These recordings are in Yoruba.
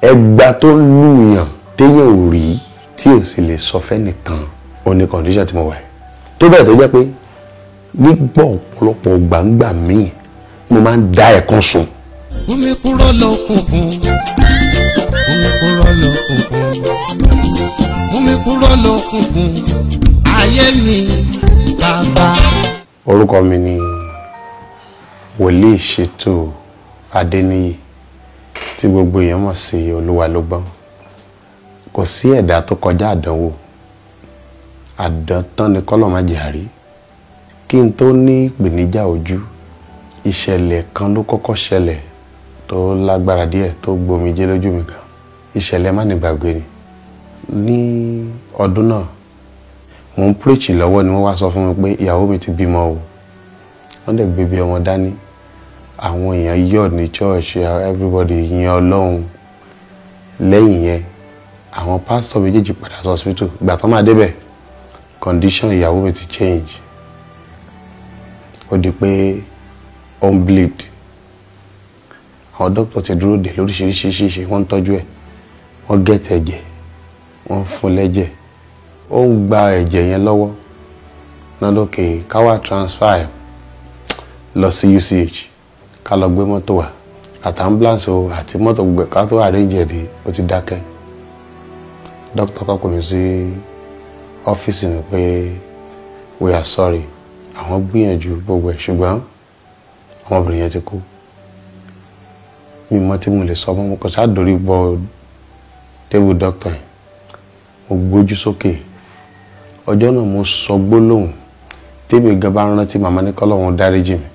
ẹgba tó ń lùyàn téèyàn ò rí tí ò sì lè sọ fẹ́nìkan òní condition tí mo wà tó bẹ́ẹ̀ tó jẹ́ pé nígbà ọ̀pọ̀lọpọ̀ gbàǹgbà míì mo máa ń da ẹ̀kan sùn. omi kúrò lọ́kùnkùn omi kúrò lọ́kùnkùn omi kúrò lọ́kùnkùn ayé mi bàbá. orúkọ mi ni wòlíì ṣètò adéníyì tí gbogbo èèyàn mọ̀ sí olúwa ló gbọ́n kò sí ẹ̀dá tó kọjá àdánwò àdántán ni kọ́lọ̀ má jẹ́ àrí kí n tó ní ìpèníjà ojú ìṣẹ̀lẹ̀ kan ló kọ́kọ́ ṣẹlẹ̀ tó lágbára díẹ̀ tó gbomijé lójú mi kan ìṣẹ̀lẹ̀ má ní gbàgbé ni ní ọdún náà mò ń pírèchì lọ́wọ́ ni wọ́n wá sọ fún mi pé ìyàwó mi ti bímọ o wọ́n dẹ̀ gbé bí ọmọ dání àwọn èèyàn yọ̀ ní church everybody yin ọlọ́run lẹ́yìn yẹn àwọn pásítọ̀ méjèèjì padà sí hospital ìgbà tó máa débẹ̀ condition ìyàwó mi ti change ó di pé ó ń bleed àwọn dókítà ti dúró dè lóríṣiríṣi ṣíṣe wọ́n ń tọ́jú ẹ̀ wọ́n gẹ̀tẹ̀ ẹ̀jẹ̀ wọ́n fún lẹ́jẹ̀ ó ń gba ẹ̀jẹ̀ yẹn lọ́wọ́ náà káwá transfer lọ sí UCH ká lọ gbé mọ́tò wá àti ambulance o àti mọ́tò gbogbo ká tó àríjẹ̀ dé ó ti dákẹ́ dókítà kọ́ pè sí ọ́fíìsì ni pé we are sorry àwọn gbìyànjú gbogbo ẹ̀ ṣùgbọ́n ọmọbìnrin yẹn ti kú mi mọ tí mo lè sọ ọmọ mo kàn ṣáà dorí bọ tébù dókítà yẹn mo gbójú sókè ọjọ́ náà mo sọ gbólóhùn tèmi gan bá rántí màmá ní kọ́lọ́hún dáríjì mi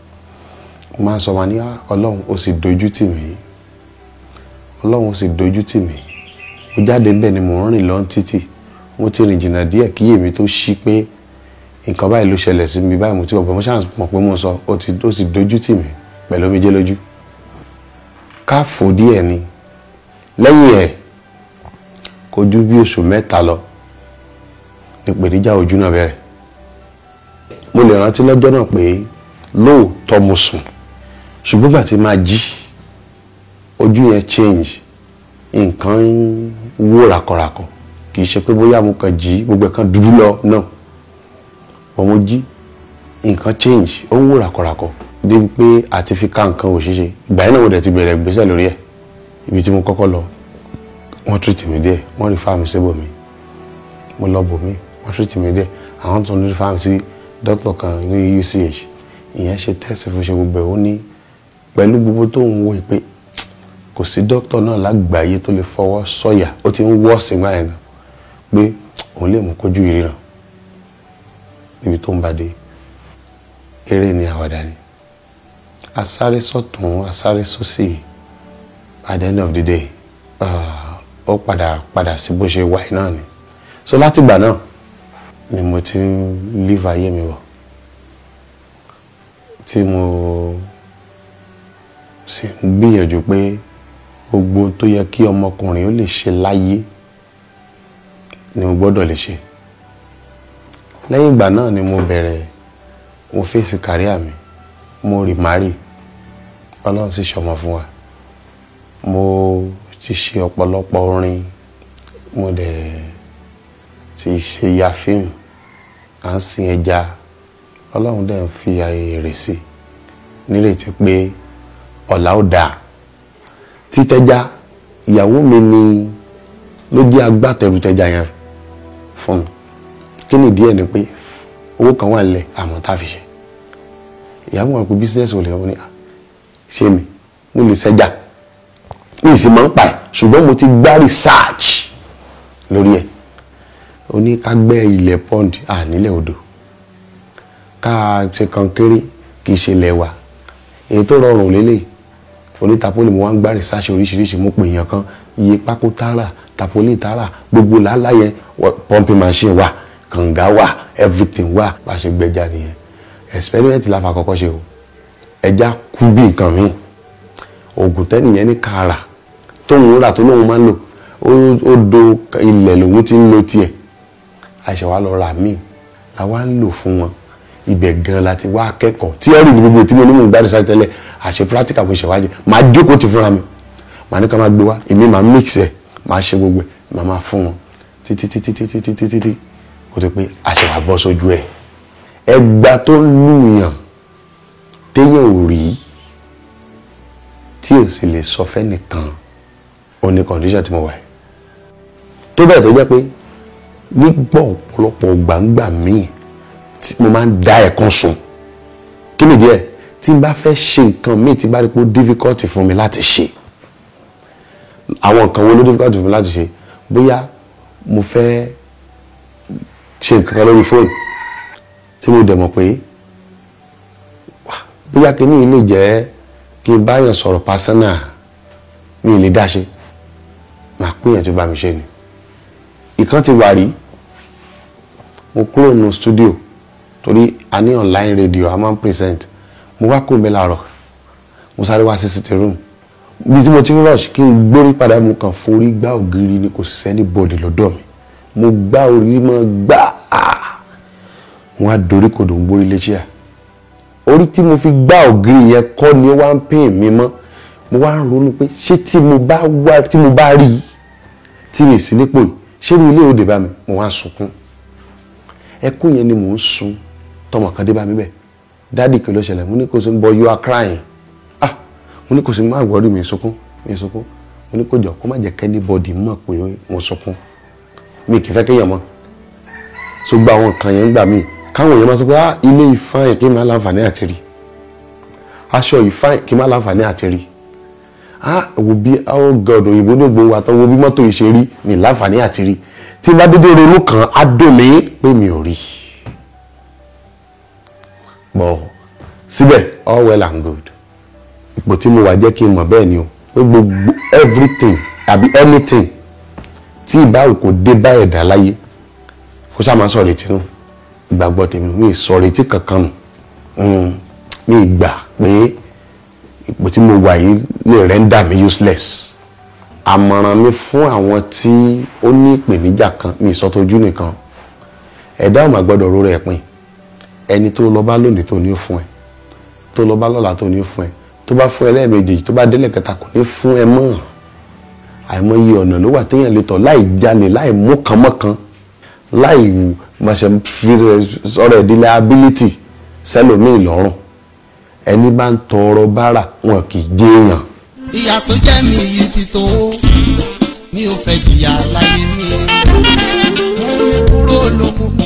máa sọ wá ní ah, ọlọ́run ó sì dojú tì mí ọlọ́run ó sì dojú tì mí mo jáde bẹ́ẹ̀ ni mò ń rìn lọ títì mo ti rìn jìnnà díẹ̀ kí èmi tó ṣí pé nǹkan báyìí ló ṣẹlẹ̀ sí mi báyìí mo ti bọ̀ mo ṣáà mọ̀ pé mo sọ ó sì dojú tì mí pẹ̀lú omijé lójú ká díẹ̀ ni lẹ́yìn ẹ̀ kò ju bí oṣù mẹ́ta lọ ní pèníjà ojú náà bẹ̀rẹ̀ mo lè rántí lọ́jọ́ náà pé lóòótọ́ mo sùn ṣùgbọ́n gbà tí máa jí ojú yẹn change nǹkan ń wó rakọrakọ kì í ṣe pé bóyá mo kàn jí gbogbo ẹ̀kan dúdú lọ náà wọ́n mo jí nǹkan change ó ń wó rakọrakọ débi pé àti fi ká nǹkan ò ṣeéṣe ìgbà yẹn náà mo dẹ̀ ti bẹ̀rẹ̀ ìgbésẹ̀ lórí ẹ̀ ibi tí mo kọ́kọ́ lọ wọ́n treat mi díẹ̀ wọ́n rí fáàmì síbòmí mo lọ bòmí wọ́n treat mi díẹ̀ àwọn tó ń rí fáàmì sí dókítà kan ní UCH ìyẹn ṣe test fún ṣe gbogbo ẹ̀ ó ní pẹ̀lú gbogbo tó ń wo ìpè kò sí dókítà náà lágbàáyé tó lè fọwọ́ sọ̀yà ó ti ń wọ́ sígbà yẹn náà pé òun lè mú kójú ìríran níbi tó ń bá dé eré ni àwàdà ni asáré sọ̀tún asáré sósì at the end of the day ah, ó padà padà sí bó ṣe wáyé náà ni so látìgbà náà ni mo ti ń live ayé mi wọ̀ tí mo sì ń gbìyànjú pé gbogbo tó yẹ kí ọmọkùnrin ó lè ṣe láyé ni mo gbọ́dọ̀ lè ṣe lẹ́yìn ìgbà náà ni mo bẹ̀rẹ̀ mo fèsì kàríà mi mo rì márì ọlọ́run sì ṣọmọ fún wa mo ti ṣe ọ̀pọ̀lọpọ̀ orin mo dẹ̀ ti ṣe ya fíìmù à ń sin ẹja ọlọ́run dẹ̀ ń fi ààyè rẹ̀ sí nírètí pé ọ̀la ó dáa títẹ́já ìyàwó mi ni ló jẹ́ agbátẹrù tẹ́já yẹn fún mi kí ni ìdí ẹ̀ ni pé owó kan wà nílẹ̀ àmọ́ tá a fi ṣe ìyàwó wa pé bísíǹsì ò lè wọ́n ni ah, ṣé mi mo lè ṣẹ́jà mi sì máa ń pa ẹ̀ ṣùgbọ́n mo ti gbá research lórí ẹ̀ ó ní ká gbẹ́ ilẹ̀ pond à nílẹ̀ odò ká ṣe kankéré kì í ṣe lẹ̀ wa èyí tó rọrùn lélẹ́yìí oní tapoli mo wá ń gbá research oríṣiríṣi mo pè èèyàn kan iye pákó tààrà tapoli tààrà gbogbo làálàá yẹn pumping machine wà kànga wà everything wà bá a ṣe gbẹja nìyẹn experiment la fà kọ́kọ́ ṣe o ẹja kú bí nǹkan mi oògùn tẹ́nìyẹn ní kàrà tóun rà tó lóun máa ń lò ó do ilẹ̀ lòun ti ń lo tiẹ̀ àṣẹ wa lọ rà míì làwa ń lò fún wọn ibẹ̀ gan la ti wá akẹ́kọ̀ọ́ tíọ́rì ní gbogbo tí mo ní mò ń gbá research tẹ́lẹ̀ àṣẹ practical mo ṣèwádìí màá jókòó ti fúnra mi màá ní ká máa gbé wá èmi màá mix ẹ̀ màá ṣe gbogbo ẹ̀ màá máa fún wọn títí títí títí títí títí kó tó pé àṣẹ wàá bọ́ sójú ẹ̀ ẹgbà tó lùyàn téèyàn ò rí tí ò sì lè sọ fẹ́nìkan ò ní condition tí mo wà tó bẹ́ẹ̀ tó jẹ́ pé nígbà ọ̀pọ̀lọpọ̀ gbàǹgbà míì tí mo máa ń da ẹ̀kan sùn kí nìdí ẹ̀ tí n bá fẹ́ ṣe nǹkan míì tí bá rí pé ó difficult fún mi láti ṣe àwọn nǹkan wo ló difficult fún mi láti ṣe bóyá mo fẹ́ ṣe nǹkan kan lórí fóònù tí mo dẹ̀ mọ̀ pé bóyá kí ní ilé jẹ́ kí n báyàn sọ̀rọ̀ pásánà mi lè dá ṣe màá pèèyàn tó bá mi ṣe ni ìkan ti wà rí mo kúrò nù stúdíò torí a ní online radio a máa ń present mo wá kó mi láàárọ̀ mo sáré wá sí sitting room bí tí mo ti rush kí n gbórí padà mo kàn forí gbá ògiri ni kò sẹ́ni bọ̀dì lọ́dọ̀ mi mo gbá orí mọ́ gbá ah! wọn á dorí kodò ń gbórí létí à orí tí mo fi gbá ògiri yẹn kọ́ ni ó wá ń pè mí mọ́ mo wá ń ronú pé ṣé tí mo bá wá tí mo bá rí tí mi sì nípò yìí ṣé mi ilé òde bá mi mo wá sunkún ẹkún yẹn ni mò ń sun tọmọ kan dé bá mi bẹ̀ dáàdì kí ló ṣẹlẹ̀ mo ní kò sí but you are crying ah mo ní kò sí má wọrí mi sunkún mi sunkún mo ní kò jọ kó má jẹ́ kẹ́ni bọ́dì mọ̀ pé mo sunkún mi kì í fẹ́ kéèyàn mọ̀ so gba àwọn nǹkan yẹn gbà mí káwọn èèyàn máa sọ pé ah ilé ìfáyín kí n máa láǹfààní àti rí aṣọ ìfáyín kí n máa láǹfààní àti rí ah wo bí oh god òyìnbó ló gbowó àtọ wo bí mọ́tò yìí ṣe rí ní láǹfààní àti rí tí bá dédé ronú kan á dùn mí pé mi ò rí i. síbẹ̀ all well and good ipò tí mo wà jẹ́ kí n mọ̀ bẹ́ẹ̀ ni o pé gbogbo everything àbí anything tí ìbáwò kò dé bá ẹ̀dá láyé kó sáà máa sọ retí nù ìgbàgbọ́ tèmi mi ì sọ retí kankan nù hmm, mi ì gbà pé ipò tí mo wà yìí lè render mi useless àmọ̀ràn mi fún àwọn tí ó ní ìpèníjà kan mi ì sọ tójú nìkan ẹ̀dá ò mà gbọ́dọ̀ ró rẹ̀ pin ẹni tó lọ bá lónìí tó ní fún ẹ tó lọ bá lọ́la tó ní fún ẹ tó bá fún ẹ lẹ́ẹ̀mejì tó bá délẹ̀ kẹta kò ní fún ẹ mọ́ àìmọye ọ̀nà ló wà téèyàn lè tọ̀ láì jalè láì mú kànmọ́kàn láì máṣe fi sọ̀rọ̀ ìdílé ability sẹ́lòmíì lọ́rùn ẹni bá ń tọrọ bára wọn kì í jéèyàn. ìyà tó jẹ́ mi yìí ti tó mi ò fẹ́ jìyà láyé mi mo ní kúrò lókun